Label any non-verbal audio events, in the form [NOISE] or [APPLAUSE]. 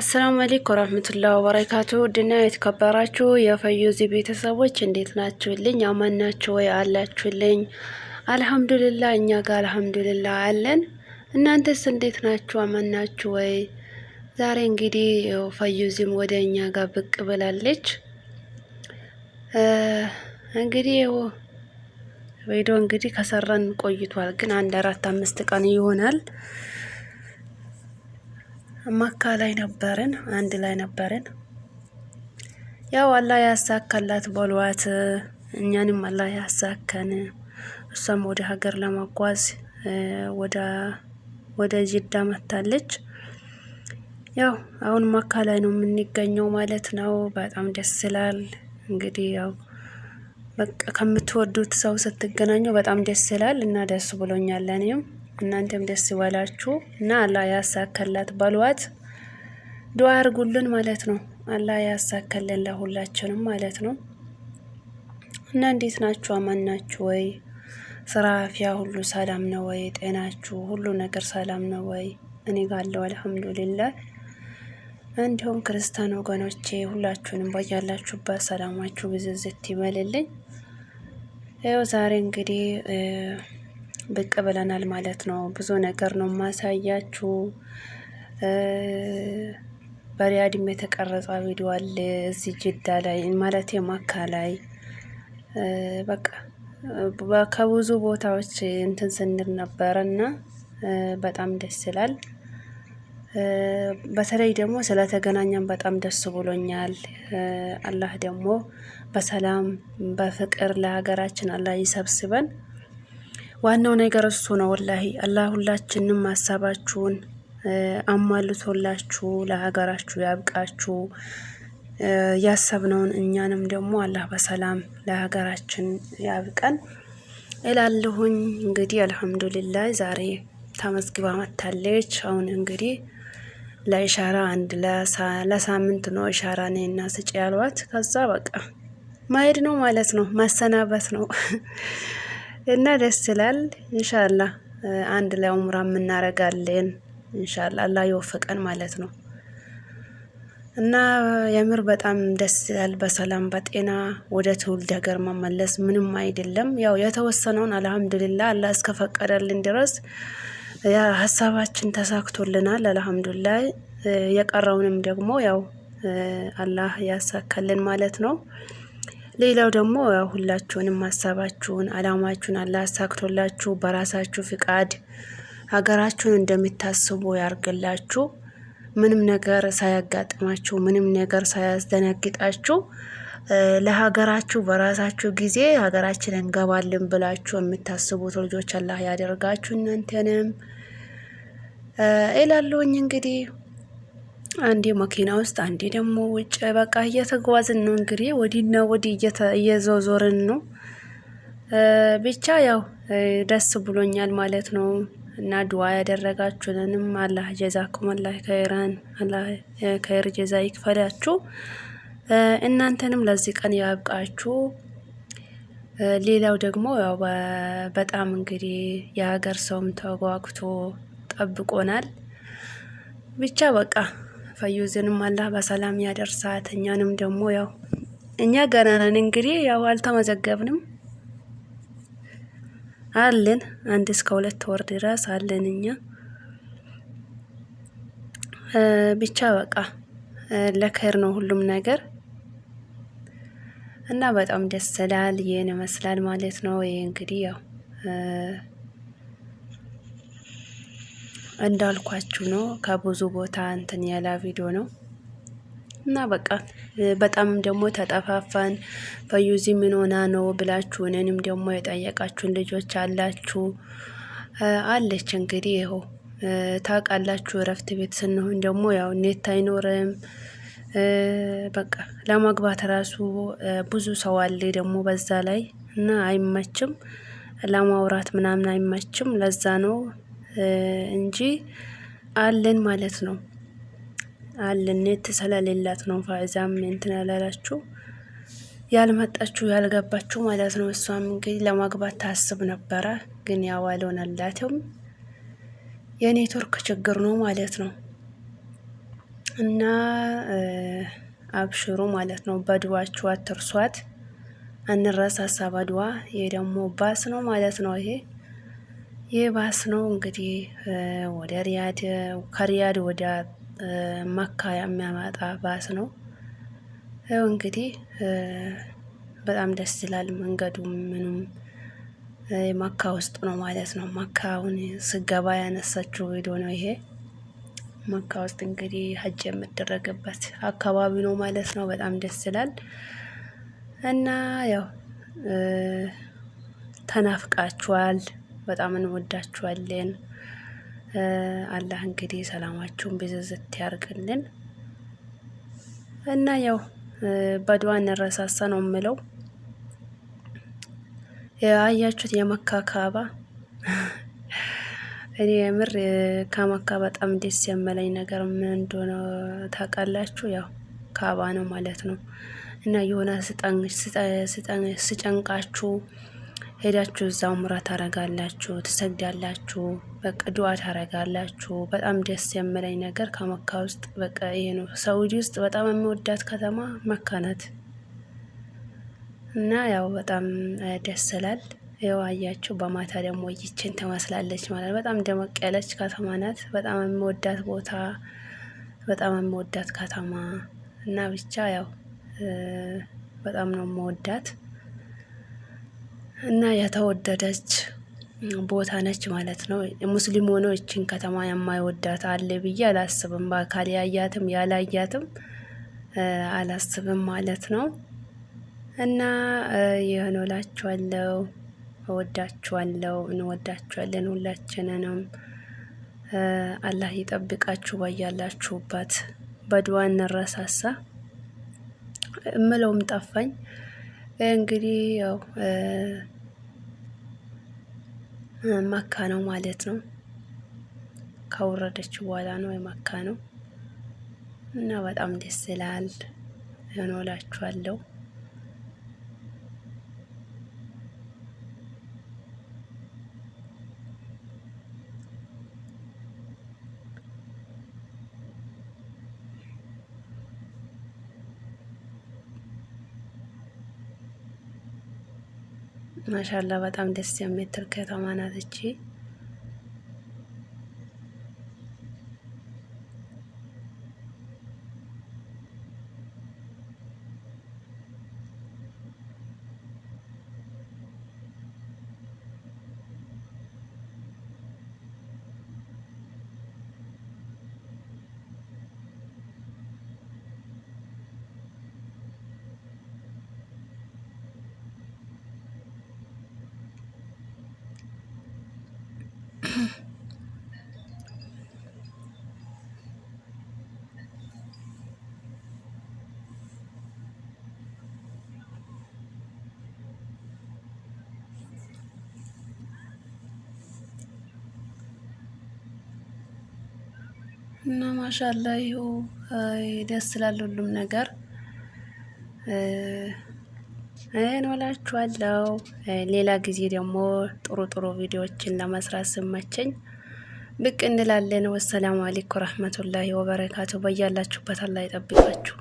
አሰላሙ አለይኩም ወራህመቱላሂ ወበረካቱ ድና የተከበራችሁ የፈዩዚ ቤተሰቦች እንዴት ናችሁልኝ? አማን ናችሁ ወይ አላችሁልኝ? አልሐምዱልላ እኛ ጋር አልሐምዱልላ አለን። እናንተስ እንዴት ናችሁ? አማን ናችሁ ወይ? ዛሬ እንግዲህ ፈዩዚም ወደ እኛ ጋር ብቅ ብላለች። እንግዲህ ቪዲዮ እንግዲህ ከሰራን ቆይቷል፣ ግን አንድ አራት አምስት ቀን ይሆናል መካ ላይ ነበርን፣ አንድ ላይ ነበርን። ያው አላህ ያሳካላት በሏት፣ እኛንም አላህ ያሳከን። እሷም ወደ ሀገር ለማጓዝ ወደ ጅዳ መታለች። ያው አሁን መካ ላይ ነው የምንገኘው ማለት ነው። በጣም ደስ ይላል። እንግዲህ ያው በቃ ከምትወዱት ሰው ስትገናኙ በጣም ደስ ይላል እና ደስ ብሎኛል እኔም እናንተም ደስ ይበላችሁ እና አላህ ያሳከላት በሏት። ዱዓ አርጉልን ማለት ነው። አላህ ያሳከልን ለሁላችንም ማለት ነው። እና እንዴት ናችሁ? አማን ናችሁ ወይ? ስራ አፊያ ሁሉ ሰላም ነው ወይ? ጤናችሁ ሁሉ ነገር ሰላም ነው ወይ? እኔ ጋለው አልሐምዱሊላህ። እንዲሁም ክርስቲያን ወገኖቼ ሁላችሁንም በያላችሁበት ሰላማችሁ ብዝዝት ይበልልኝ። ይኸው ዛሬ እንግዲህ ብቅ ብለናል ማለት ነው። ብዙ ነገር ነው ማሳያችሁ። በሪያድም የተቀረጸ ቪዲዮ አለ እዚህ ጅዳ ላይ ማለት የማካ ላይ በቃ ከብዙ ቦታዎች እንትን ስንል ነበረ እና በጣም ደስ ይላል። በተለይ ደግሞ ስለተገናኘን በጣም ደስ ብሎኛል። አላህ ደግሞ በሰላም በፍቅር ለሀገራችን አላህ ይሰብስበን። ዋናው ነገር እሱ ነው። ወላሂ አላህ ሁላችንም ሀሳባችሁን አሟልቶላችሁ ለሀገራችሁ ያብቃችሁ። ያሰብነውን እኛንም ደግሞ አላህ በሰላም ለሀገራችን ያብቀን እላለሁኝ። እንግዲህ አልሐምዱሊላህ ዛሬ ተመዝግባ መታለች። አሁን እንግዲህ ለኢሻራ አንድ ለሳምንት ነው ኢሻራ ነይና ስጭ ያሏት። ከዛ በቃ ማሄድ ነው ማለት ነው፣ ማሰናበት ነው። [LAUGHS] እና ደስ ይላል እንሻላ አንድ ላይ ኡምራም እናረጋለን ኢንሻአላህ አላህ ይወፈቀን ማለት ነው። እና የምር በጣም ደስ ይላል። በሰላም በጤና ወደ ትውልድ ሀገር መመለስ ምንም አይደለም። ያው የተወሰነውን አልሐምዱሊላህ አላህ እስከፈቀደልን ድረስ ያ ሀሳባችን ተሳክቶልናል አልሐምዱሊላህ። የቀረውንም ደግሞ ያው አላህ ያሳካልን ማለት ነው። ሌላው ደግሞ ሁላችሁንም ሀሳባችሁን አላማችሁን አላሳክቶላችሁ በራሳችሁ ፍቃድ ሀገራችሁን እንደምታስቡ ያርግላችሁ። ምንም ነገር ሳያጋጥማችሁ፣ ምንም ነገር ሳያስደነግጣችሁ ለሀገራችሁ በራሳችሁ ጊዜ ሀገራችን እንገባልን ብላችሁ የምታስቡት ልጆች አላህ ያደርጋችሁ እናንተንም እላለሁኝ እንግዲህ አንዴ መኪና ውስጥ አንዴ ደግሞ ውጭ በቃ እየተጓዝን ነው እንግዲህ ወዲና ወዲህ እየዞዞርን ነው። ብቻ ያው ደስ ብሎኛል ማለት ነው። እና ድዋ ያደረጋችሁንንም አላህ ጀዛኩም አላህ ከይራን አላህ ከይር ጀዛ ይክፈላችሁ። እናንተንም ለዚህ ቀን ያብቃችሁ። ሌላው ደግሞ ያው በጣም እንግዲህ የሀገር ሰውም ተጓጉቶ ጠብቆናል። ብቻ በቃ ፈዩዝንም አላህ በሰላም ያደርሳት። እኛንም ደግሞ ያው እኛ ገና ነን እንግዲህ ያው አልተመዘገብንም አለን አንድ እስከ ሁለት ወር ድረስ አለን እኛ ብቻ በቃ ለከር ነው ሁሉም ነገር እና በጣም ደስ ይላል። ይህን ይመስላል ማለት ነው። ይህ እንግዲህ ያው እንዳልኳችሁ ነው። ከብዙ ቦታ እንትን ያላ ቪዲዮ ነው እና በቃ በጣም ደግሞ ተጠፋፋን። ፈዩዚ ምን ሆና ነው ብላችሁ እኔንም ደግሞ የጠየቃችሁን ልጆች አላችሁ አለች። እንግዲህ ይኸው ታውቃላችሁ፣ እረፍት ቤት ስንሆን ደግሞ ያው ኔት አይኖርም። በቃ ለማግባት ራሱ ብዙ ሰው አለ ደግሞ በዛ ላይ እና አይመችም፣ ለማውራት ምናምን አይመችም። ለዛ ነው እንጂ አለን ማለት ነው። አለን ኔት ስለሌላት ነው። ፋዛም እንትን ያላላችሁ ያልመጣችሁ ያልገባችሁ ማለት ነው። እሷም እንግዲህ ለማግባት ታስብ ነበረ፣ ግን ያው አልሆነላትም። የኔትወርክ ችግር ነው ማለት ነው። እና አብሽሩ ማለት ነው። በድዋችሁ አትርሷት። አንረሳሳ በድዋ። ይሄ ደግሞ ባስ ነው ማለት ነው ይሄ የባስ ነው እንግዲህ ወደ ሪያድ ከሪያድ ወደ መካ የሚያመጣ ባስ ነው። ያው እንግዲህ በጣም ደስ ይላል መንገዱም ምኑም መካ ውስጥ ነው ማለት ነው። መካ ስገባ ያነሳችው ቪዲዮ ነው ይሄ። መካ ውስጥ እንግዲህ ሀጅ የምደረግበት አካባቢ ነው ማለት ነው። በጣም ደስ ይላል እና ያው ተናፍቃችኋል በጣም እንወዳችኋለን። አላህ እንግዲህ ሰላማችሁን ብዝዝት ያርግልን እና ያው በድዋ እንረሳሳ ነው የምለው። አያችሁት የመካ ካባ። [LAUGHS] እኔ የምር ከመካ በጣም ደስ የመለኝ ነገር ምን እንደሆነ ታውቃላችሁ? ያው ካባ ነው ማለት ነው እና የሆነ ስጨንቃችሁ ሄዳችሁ እዛ ሙራ ታረጋላችሁ፣ ትሰግዳላችሁ፣ በቃ ዱዓ ታረጋላችሁ። በጣም ደስ የምለኝ ነገር ከመካ ውስጥ በቃ ይሄ ነው። ሳውዲ ውስጥ በጣም የሚወዳት ከተማ መካ ናት እና ያው በጣም ደስ ይላል። ያው አያችሁ በማታ ደግሞ ይችን ትመስላለች ማለት በጣም ደመቅ ያለች ከተማ ናት። በጣም የምወዳት ቦታ በጣም የምወዳት ከተማ እና ብቻ ያው በጣም ነው የምወዳት። እና የተወደደች ቦታ ነች ማለት ነው። ሙስሊም ሆኖ እችን ከተማ የማይወዳት አለ ብዬ አላስብም። በአካል ያያትም ያላያትም አላስብም ማለት ነው። እና ይህን እላችኋለሁ እወዳችኋለሁ እንወዳችኋለን ሁላችንንም አላህ ይጠብቃችሁ ባያላችሁበት በድዋ እንረሳሳ። እምለውም ጠፋኝ እንግዲህ ያው መካ ነው ማለት ነው። ከወረደች በኋላ ነው የመካ ነው እና በጣም ደስ ይላል እኖላችኋለሁ። ማሻላ በጣም ደስ የምትል ከተማ ናት እቺ። እና ማሻላ ይኸው ደስ ስላለ ሁሉም ነገር ይህን እላችኋለሁ። ሌላ ጊዜ ደግሞ ጥሩ ጥሩ ቪዲዮዎችን ለመስራት ስመቸኝ ብቅ እንላለን። ወሰላሙ አለይኩም ረህመቱላሂ ወበረካቱ። በያላችሁበት አላህ ይጠብቃችሁ።